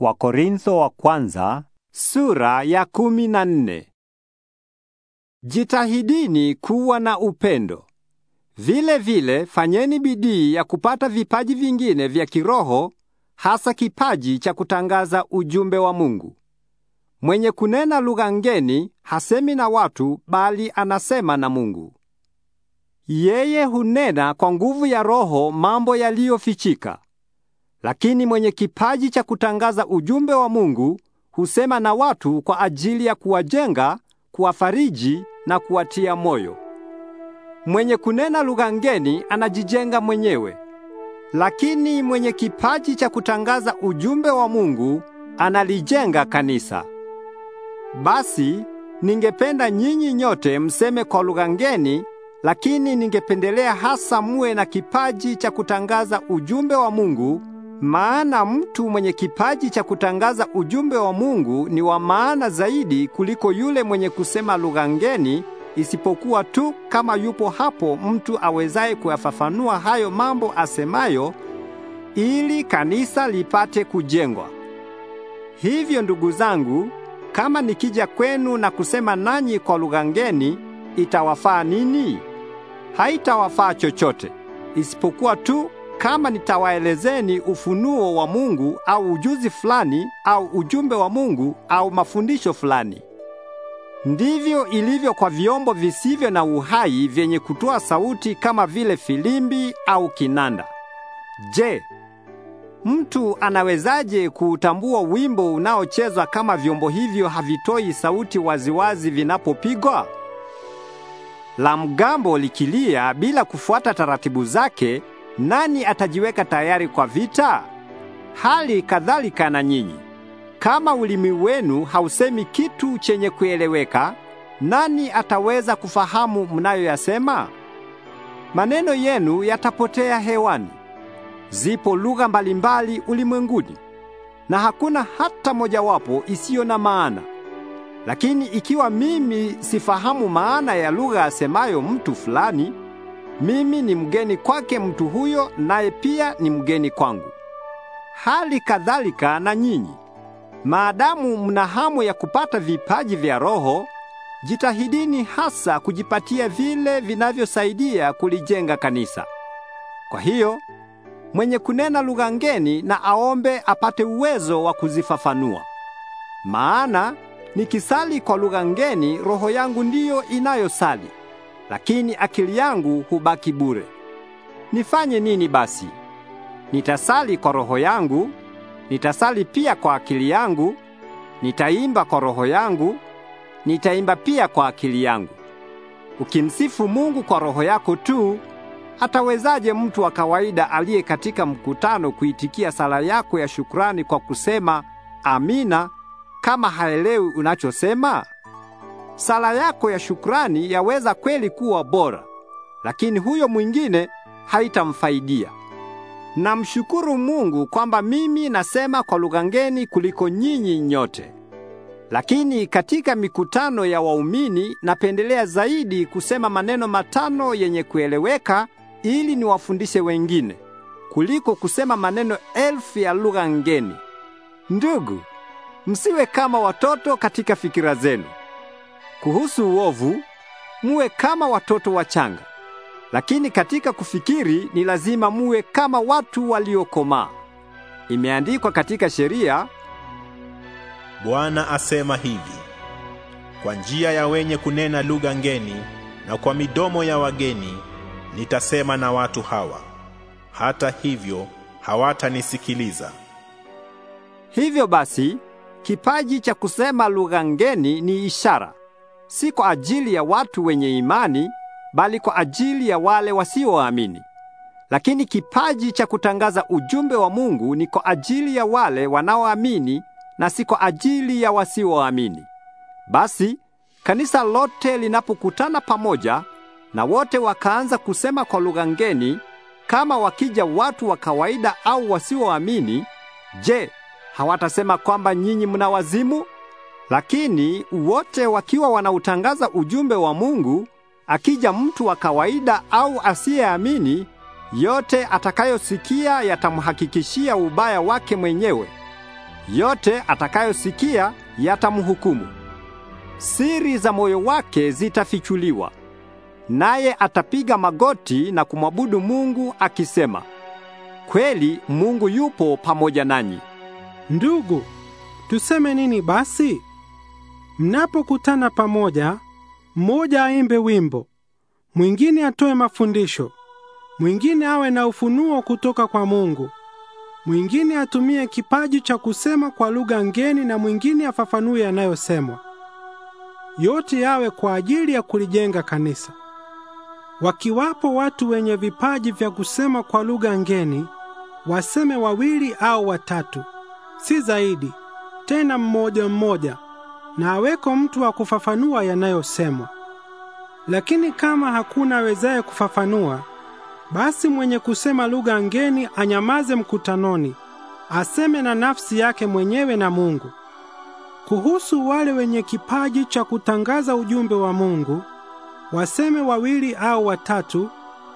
Wakorintho wa kwanza sura ya kumi na nne. Jitahidini kuwa na upendo. Vile vile fanyeni bidii ya kupata vipaji vingine vya kiroho, hasa kipaji cha kutangaza ujumbe wa Mungu. Mwenye kunena lugha ngeni hasemi na watu bali anasema na Mungu. Yeye hunena kwa nguvu ya Roho mambo yaliyofichika. Lakini mwenye kipaji cha kutangaza ujumbe wa Mungu husema na watu kwa ajili ya kuwajenga, kuwafariji na kuwatia moyo. Mwenye kunena lugha ngeni anajijenga mwenyewe, lakini mwenye kipaji cha kutangaza ujumbe wa Mungu analijenga kanisa. Basi ningependa nyinyi nyote mseme kwa lugha ngeni, lakini ningependelea hasa muwe na kipaji cha kutangaza ujumbe wa Mungu maana mtu mwenye kipaji cha kutangaza ujumbe wa Mungu ni wa maana zaidi kuliko yule mwenye kusema lugha ngeni, isipokuwa tu kama yupo hapo mtu awezaye kuyafafanua hayo mambo asemayo ili kanisa lipate kujengwa. Hivyo ndugu zangu, kama nikija kwenu na kusema nanyi kwa lugha ngeni, itawafaa nini? Haitawafaa chochote isipokuwa tu kama nitawaelezeni ufunuo wa Mungu au ujuzi fulani au ujumbe wa Mungu au mafundisho fulani. Ndivyo ilivyo kwa vyombo visivyo na uhai vyenye kutoa sauti kama vile filimbi au kinanda. Je, mtu anawezaje kuutambua wimbo unaochezwa kama vyombo hivyo havitoi sauti waziwazi vinapopigwa? La mgambo likilia bila kufuata taratibu zake nani atajiweka tayari kwa vita? Hali kadhalika na nyinyi, kama ulimi wenu hausemi kitu chenye kueleweka, nani ataweza kufahamu mnayoyasema? Maneno yenu yatapotea hewani. Zipo lugha mbalimbali ulimwenguni na hakuna hata mojawapo isiyo na maana. Lakini ikiwa mimi sifahamu maana ya lugha asemayo mtu fulani, mimi ni mgeni kwake mtu huyo, naye pia ni mgeni kwangu. Hali kadhalika na nyinyi, maadamu mna hamu ya kupata vipaji vya Roho, jitahidini hasa kujipatia vile vinavyosaidia kulijenga kanisa. Kwa hiyo mwenye kunena lugha ngeni na aombe apate uwezo wa kuzifafanua. Maana nikisali kwa lugha ngeni, roho yangu ndiyo inayosali lakini akili yangu hubaki bure. Nifanye nini basi? Nitasali kwa roho yangu, nitasali pia kwa akili yangu, nitaimba kwa roho yangu, nitaimba pia kwa akili yangu. Ukimsifu Mungu kwa roho yako tu, atawezaje mtu wa kawaida aliye katika mkutano kuitikia sala yako ya shukrani kwa kusema amina kama haelewi unachosema? Sala yako ya shukrani yaweza kweli kuwa bora, lakini huyo mwingine haitamfaidia. Namshukuru Mungu kwamba mimi nasema kwa lugha ngeni kuliko nyinyi nyote. Lakini katika mikutano ya waumini napendelea zaidi kusema maneno matano yenye kueleweka ili niwafundishe wengine kuliko kusema maneno elfu ya lugha ngeni. Ndugu, msiwe kama watoto katika fikira zenu. Kuhusu uovu, muwe kama watoto wachanga, lakini katika kufikiri ni lazima muwe kama watu waliokomaa. Imeandikwa katika sheria, Bwana asema hivi: kwa njia ya wenye kunena lugha ngeni na kwa midomo ya wageni nitasema na watu hawa, hata hivyo hawatanisikiliza. Hivyo basi, kipaji cha kusema lugha ngeni ni ishara si kwa ajili ya watu wenye imani, bali kwa ajili ya wale wasioamini. Lakini kipaji cha kutangaza ujumbe wa Mungu ni kwa ajili ya wale wanaoamini na si kwa ajili ya wasioamini. Basi kanisa lote linapokutana pamoja na wote wakaanza kusema kwa lugha ngeni, kama wakija watu wa kawaida au wasioamini, je, hawatasema kwamba nyinyi mna wazimu? Lakini wote wakiwa wanautangaza ujumbe wa Mungu, akija mtu wa kawaida au asiyeamini, yote atakayosikia yatamhakikishia ubaya wake mwenyewe. Yote atakayosikia yatamhukumu. Siri za moyo wake zitafichuliwa. Naye atapiga magoti na kumwabudu Mungu akisema, Kweli Mungu yupo pamoja nanyi. Ndugu, tuseme nini basi? Mnapokutana pamoja, mmoja aimbe wimbo, mwingine atoe mafundisho, mwingine awe na ufunuo kutoka kwa Mungu, mwingine atumie kipaji cha kusema kwa lugha ngeni, na mwingine afafanue yanayosemwa. Yote yawe kwa ajili ya kulijenga kanisa. Wakiwapo watu wenye vipaji vya kusema kwa lugha ngeni, waseme wawili au watatu, si zaidi, tena mmoja mmoja na aweko mtu wa kufafanua yanayosemwa. Lakini kama hakuna awezaye kufafanua, basi mwenye kusema lugha ngeni anyamaze mkutanoni, aseme na nafsi yake mwenyewe na Mungu. Kuhusu wale wenye kipaji cha kutangaza ujumbe wa Mungu, waseme wawili au watatu,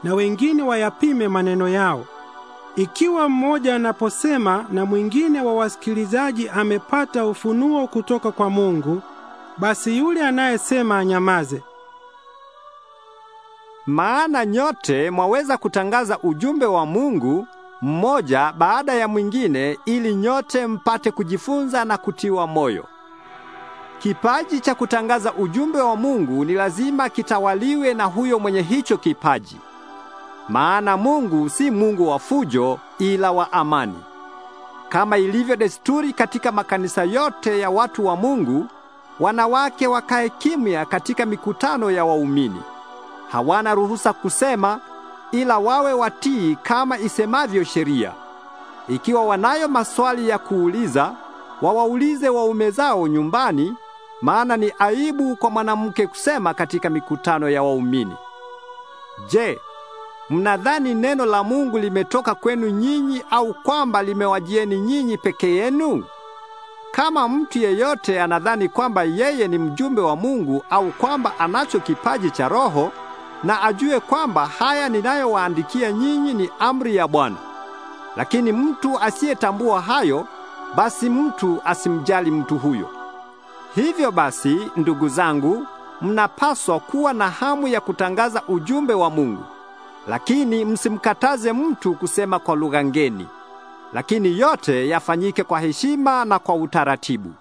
na wengine wayapime maneno yao. Ikiwa mmoja anaposema na mwingine wa wasikilizaji amepata ufunuo kutoka kwa Mungu, basi yule anayesema anyamaze. Maana nyote mwaweza kutangaza ujumbe wa Mungu mmoja baada ya mwingine ili nyote mpate kujifunza na kutiwa moyo. Kipaji cha kutangaza ujumbe wa Mungu ni lazima kitawaliwe na huyo mwenye hicho kipaji maana Mungu si Mungu wa fujo, ila wa amani. Kama ilivyo desturi katika makanisa yote ya watu wa Mungu, wanawake wakae kimya katika mikutano ya waumini. Hawana ruhusa kusema, ila wawe watii kama isemavyo sheria. Ikiwa wanayo maswali ya kuuliza, wawaulize waume zao nyumbani, maana ni aibu kwa mwanamke kusema katika mikutano ya waumini. Je, Mnadhani neno la Mungu limetoka kwenu nyinyi au kwamba limewajieni nyinyi peke yenu? Kama mtu yeyote anadhani kwamba yeye ni mjumbe wa Mungu au kwamba anacho kipaji cha Roho, na ajue kwamba haya ninayowaandikia nyinyi ni amri ya Bwana. Lakini mtu asiyetambua hayo, basi mtu asimjali mtu huyo. Hivyo basi, ndugu zangu, mnapaswa kuwa na hamu ya kutangaza ujumbe wa Mungu. Lakini msimkataze mtu kusema kwa lugha ngeni. Lakini yote yafanyike kwa heshima na kwa utaratibu.